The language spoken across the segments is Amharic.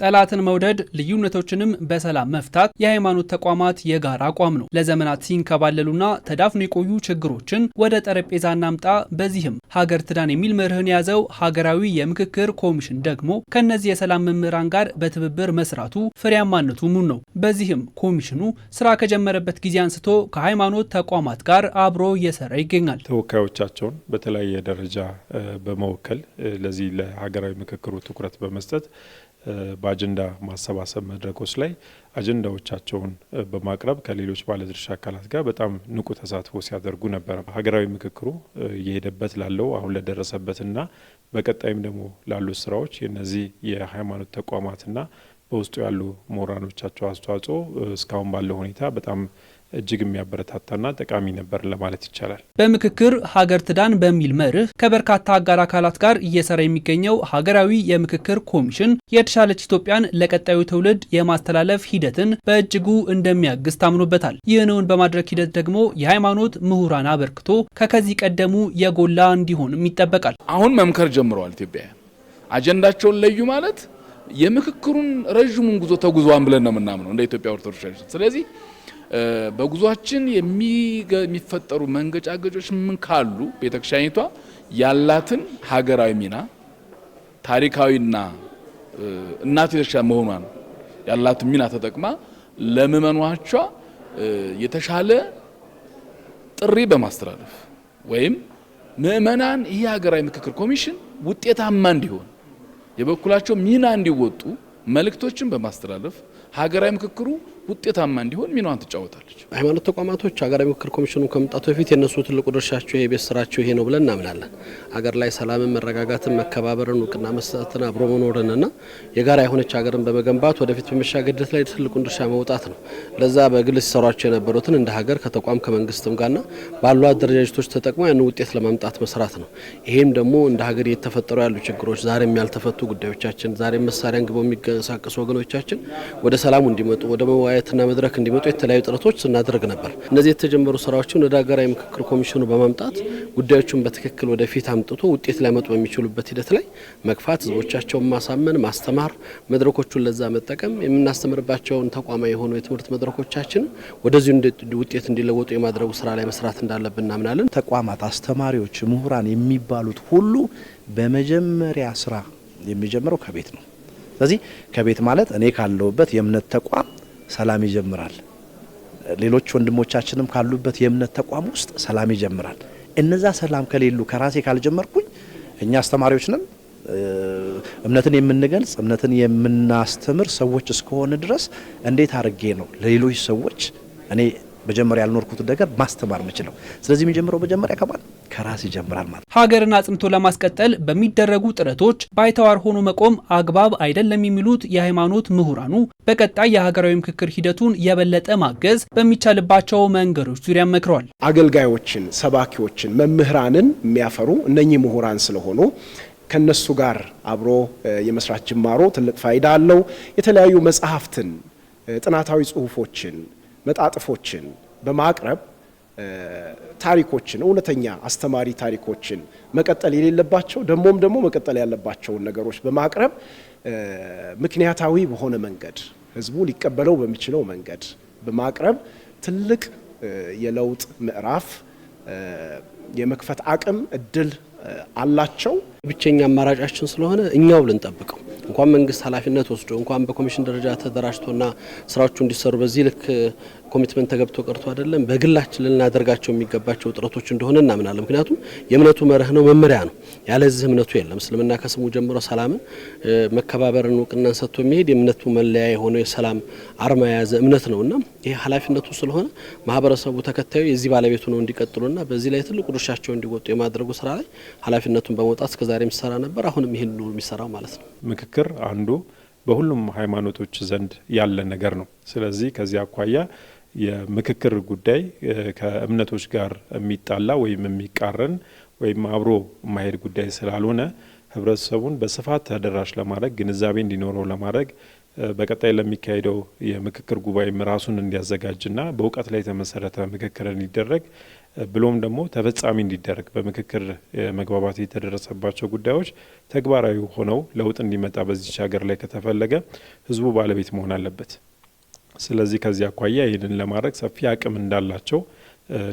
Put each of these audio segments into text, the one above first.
ጠላትን መውደድ፣ ልዩነቶችንም በሰላም መፍታት የሃይማኖት ተቋማት የጋራ አቋም ነው። ለዘመናት ሲንከባለሉና ተዳፍኖ የቆዩ ችግሮችን ወደ ጠረጴዛ እናምጣ፣ በዚህም ሀገር ትዳን የሚል መርህን የያዘው ሀገራዊ የምክክር ኮሚሽን ደግሞ ከእነዚህ የሰላም መምህራን ጋር በትብብር መስራቱ ፍሬያማነቱ ሙን ነው። በዚህም ኮሚሽኑ ስራ ከጀመረበት ጊዜ አንስቶ ከሃይማኖት ተቋማት ጋር አብሮ እየሰራ ይገኛል። ተወካዮቻቸውን በተለያየ ደረጃ በመወከል ለዚህ ለሀገራዊ ምክክሩ ትኩረት በመስጠት በአጀንዳ ማሰባሰብ መድረኮች ላይ አጀንዳዎቻቸውን በማቅረብ ከሌሎች ባለድርሻ አካላት ጋር በጣም ንቁ ተሳትፎ ሲያደርጉ ነበረ። ሀገራዊ ምክክሩ እየሄደበት ላለው አሁን ለደረሰበትና በቀጣይም ደግሞ ላሉት ስራዎች የነዚህ የሃይማኖት ተቋማትና በውስጡ ያሉ ምሁራኖቻቸው አስተዋጽኦ እስካሁን ባለው ሁኔታ በጣም እጅግ የሚያበረታታና ጠቃሚ ነበር ለማለት ይቻላል። በምክክር ሀገር ትዳን በሚል መርህ ከበርካታ አጋር አካላት ጋር እየሰራ የሚገኘው ሀገራዊ የምክክር ኮሚሽን የተሻለች ኢትዮጵያን ለቀጣዩ ትውልድ የማስተላለፍ ሂደትን በእጅጉ እንደሚያግዝ ታምኖበታል። ይህንውን በማድረግ ሂደት ደግሞ የሃይማኖት ምሁራን አበርክቶ ከከዚህ ቀደሙ የጎላ እንዲሆንም ይጠበቃል። አሁን መምከር ጀምረዋል። ኢትዮጵያውያን አጀንዳቸውን ለዩ ማለት የምክክሩን ረዥሙን ጉዞ ተጉዟን ብለን ነው የምናምነው እንደ ኢትዮጵያ ኦርቶዶክስ ስለዚህ በጉዟችን የሚፈጠሩ መንገጫገጮች ምን ካሉ ቤተክርስቲያኒቷ ያላትን ሀገራዊ ሚና ታሪካዊና እናት ቤተክርስቲያን መሆኗን ያላትን ሚና ተጠቅማ ለምመኗቿ የተሻለ ጥሪ በማስተላለፍ ወይም ምእመናን ይህ ሀገራዊ ምክክር ኮሚሽን ውጤታማ እንዲሆን የበኩላቸው ሚና እንዲወጡ መልእክቶችን በማስተላለፍ ሀገራዊ ምክክሩ ውጤታማ እንዲሆን ሚናዋን ትጫወታለች። ሃይማኖት ተቋማቶች ሀገራዊ ምክክር ኮሚሽኑ ከመምጣቱ በፊት የእነሱ ትልቁ ድርሻቸው የቤት ስራቸው ይሄ ነው ብለን እናምናለን። ሀገር ላይ ሰላምን፣ መረጋጋትን፣ መከባበርን፣ እውቅና መስጠትን፣ አብሮ መኖርን እና የጋራ የሆነች ሀገርን በመገንባት ወደፊት በመሻገድት ላይ ትልቁን ድርሻ መውጣት ነው። ለዛ በግል ሲሰሯቸው የነበሩትን እንደ ሀገር ከተቋም ከመንግስትም ጋርና ባሉ አደረጃጀቶች ተጠቅሞ ያን ውጤት ለማምጣት መስራት ነው። ይሄም ደግሞ እንደ ሀገር የተፈጠሩ ያሉ ችግሮች፣ ዛሬም ያልተፈቱ ጉዳዮቻችን፣ ዛሬም መሳሪያ ግበው የሚንቀሳቀሱ ወገኖቻችን ወደ ሰላሙ እንዲመጡ ወደ መዋያ ለውይይትና መድረክ እንዲመጡ የተለያዩ ጥረቶች ስናደርግ ነበር። እነዚህ የተጀመሩ ስራዎችን ወደ ሀገራዊ ምክክር ኮሚሽኑ በማምጣት ጉዳዮቹን በትክክል ወደፊት አምጥቶ ውጤት ሊያመጡ በሚችሉበት ሂደት ላይ መግፋት፣ ህዝቦቻቸውን ማሳመን፣ ማስተማር፣ መድረኮቹን ለዛ መጠቀም የምናስተምርባቸውን ተቋማዊ የሆኑ የትምህርት መድረኮቻችን ወደዚሁ ውጤት እንዲለወጡ የማድረጉ ስራ ላይ መስራት እንዳለብን እናምናለን። ተቋማት፣ አስተማሪዎች፣ ምሁራን የሚባሉት ሁሉ በመጀመሪያ ስራ የሚጀምረው ከቤት ነው። ስለዚህ ከቤት ማለት እኔ ካለሁበት የእምነት ተቋም ሰላም ይጀምራል። ሌሎች ወንድሞቻችንም ካሉበት የእምነት ተቋም ውስጥ ሰላም ይጀምራል። እነዛ ሰላም ከሌሉ ከራሴ ካልጀመርኩኝ እኛ አስተማሪዎችንም እምነትን የምንገልጽ እምነትን የምናስተምር ሰዎች እስከሆነ ድረስ እንዴት አድርጌ ነው ለሌሎች ሰዎች እኔ መጀመሪያ ያልኖርኩት ነገር ማስተማር ምችለው? ስለዚህ የሚጀምረው መጀመሪያ ከማን ከራስ ይጀምራል ማለት። ሀገርን አጽንቶ ለማስቀጠል በሚደረጉ ጥረቶች ባይተዋር ሆኖ መቆም አግባብ አይደለም የሚሉት የሃይማኖት ምሁራኑ በቀጣይ የሀገራዊ ምክክር ሂደቱን የበለጠ ማገዝ በሚቻልባቸው መንገዶች ዙሪያ መክሯል። አገልጋዮችን፣ ሰባኪዎችን፣ መምህራንን የሚያፈሩ እነኚህ ምሁራን ስለሆኑ ከነሱ ጋር አብሮ የመስራት ጅማሮ ትልቅ ፋይዳ አለው። የተለያዩ መጽሐፍትን፣ ጥናታዊ ጽሁፎችን፣ መጣጥፎችን በማቅረብ ታሪኮችን እውነተኛ አስተማሪ ታሪኮችን መቀጠል የሌለባቸው ደግሞም ደግሞ መቀጠል ያለባቸውን ነገሮች በማቅረብ ምክንያታዊ በሆነ መንገድ ህዝቡ ሊቀበለው በሚችለው መንገድ በማቅረብ ትልቅ የለውጥ ምዕራፍ የመክፈት አቅም እድል አላቸው። ብቸኛ አማራጫችን ስለሆነ እኛው ልንጠብቀው እንኳን መንግስት ኃላፊነት ወስዶ እንኳን በኮሚሽን ደረጃ ተደራጅቶና ስራዎቹ እንዲሰሩ በዚህ ልክ ኮሚትመንት ተገብቶ ቀርቶ አይደለም፣ በግላችን ልናደርጋቸው የሚገባቸው ጥረቶች እንደሆነ እናምናለን። ምክንያቱም የእምነቱ መርህ ነው፣ መመሪያ ነው። ያለዚህ እምነቱ የለም። እስልምና ከስሙ ጀምሮ ሰላምን፣ መከባበርን እውቅናን ሰጥቶ የሚሄድ የእምነቱ መለያ የሆነው የሰላም አርማ የያዘ እምነት ነው እና ይህ ኃላፊነቱ ስለሆነ ማህበረሰቡ ተከታዩ የዚህ ባለቤቱ ነው እንዲቀጥሉና በዚህ ላይ ትልቁ ድርሻቸው እንዲወጡ የማድረጉ ስራ ላይ ኃላፊነቱን በመውጣት እስከዛሬ የሚሰራ ነበር። አሁንም ይህን ነው የሚሰራው ማለት ነው። ምክክር አንዱ በሁሉም ሃይማኖቶች ዘንድ ያለ ነገር ነው። ስለዚህ ከዚህ አኳያ የምክክር ጉዳይ ከእምነቶች ጋር የሚጣላ ወይም የሚቃረን ወይም አብሮ የማሄድ ጉዳይ ስላልሆነ ህብረተሰቡን በስፋት ተደራሽ ለማድረግ ግንዛቤ እንዲኖረው ለማድረግ በቀጣይ ለሚካሄደው የምክክር ጉባኤም ራሱን እንዲያዘጋጅና በእውቀት ላይ የተመሰረተ ምክክር እንዲደረግ ብሎም ደግሞ ተፈጻሚ እንዲደረግ በምክክር መግባባት የተደረሰባቸው ጉዳዮች ተግባራዊ ሆነው ለውጥ እንዲመጣ በዚች ሀገር ላይ ከተፈለገ ህዝቡ ባለቤት መሆን አለበት። ስለዚህ ከዚህ አኳያ ይህንን ለማድረግ ሰፊ አቅም እንዳላቸው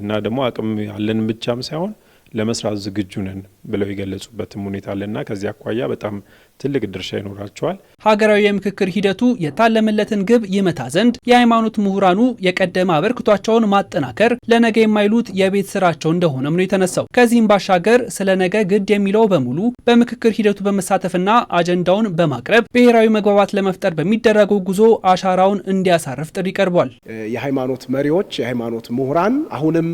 እና ደግሞ አቅም ያለን ብቻም ሳይሆን ለመስራት ዝግጁ ነን ብለው የገለጹበትም ሁኔታ አለና ከዚህ አኳያ በጣም ትልቅ ድርሻ ይኖራቸዋል። ሀገራዊ የምክክር ሂደቱ የታለመለትን ግብ ይመታ ዘንድ የሃይማኖት ምሁራኑ የቀደመ አበርክቷቸውን ማጠናከር ለነገ የማይሉት የቤት ስራቸው እንደሆነም ነው የተነሳው። ከዚህም ባሻገር ስለ ነገ ግድ የሚለው በሙሉ በምክክር ሂደቱ በመሳተፍና አጀንዳውን በማቅረብ ብሔራዊ መግባባት ለመፍጠር በሚደረገው ጉዞ አሻራውን እንዲያሳርፍ ጥሪ ቀርቧል። የሃይማኖት መሪዎች፣ የሃይማኖት ምሁራን አሁንም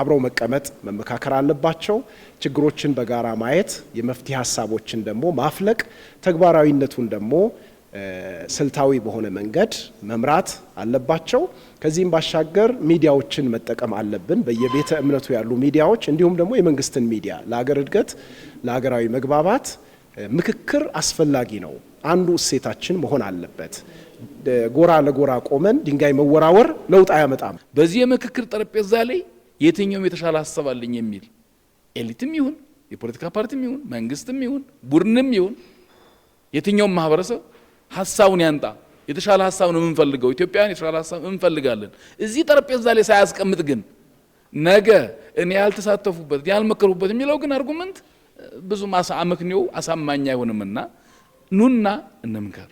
አብረው መቀመጥ መመካከል መጠናከር አለባቸው። ችግሮችን በጋራ ማየት፣ የመፍትሄ ሀሳቦችን ደግሞ ማፍለቅ፣ ተግባራዊነቱን ደግሞ ስልታዊ በሆነ መንገድ መምራት አለባቸው። ከዚህም ባሻገር ሚዲያዎችን መጠቀም አለብን። በየቤተ እምነቱ ያሉ ሚዲያዎች እንዲሁም ደግሞ የመንግስትን ሚዲያ ለሀገር እድገት፣ ለሀገራዊ መግባባት ምክክር አስፈላጊ ነው። አንዱ እሴታችን መሆን አለበት። ጎራ ለጎራ ቆመን ድንጋይ መወራወር ለውጥ አያመጣም። በዚህ የምክክር ጠረጴዛ ላይ የትኛውም የተሻለ ሀሳብ አለኝ የሚል ኤሊትም ይሁን የፖለቲካ ፓርቲም ይሁን መንግስትም ይሁን ቡድንም ይሁን የትኛውም ማህበረሰብ ሀሳቡን ያንጣ። የተሻለ ሀሳብ ነው የምንፈልገው። ኢትዮጵያን የተሻለ ሀሳብ እንፈልጋለን። እዚህ ጠረጴዛ ላይ ሳያስቀምጥ ግን ነገ እኔ ያልተሳተፉበት ያልመከሩበት የሚለው ግን አርጉመንት ብዙም አመክንዮው አሳማኝ አይሆንምና ኑና እንምከር።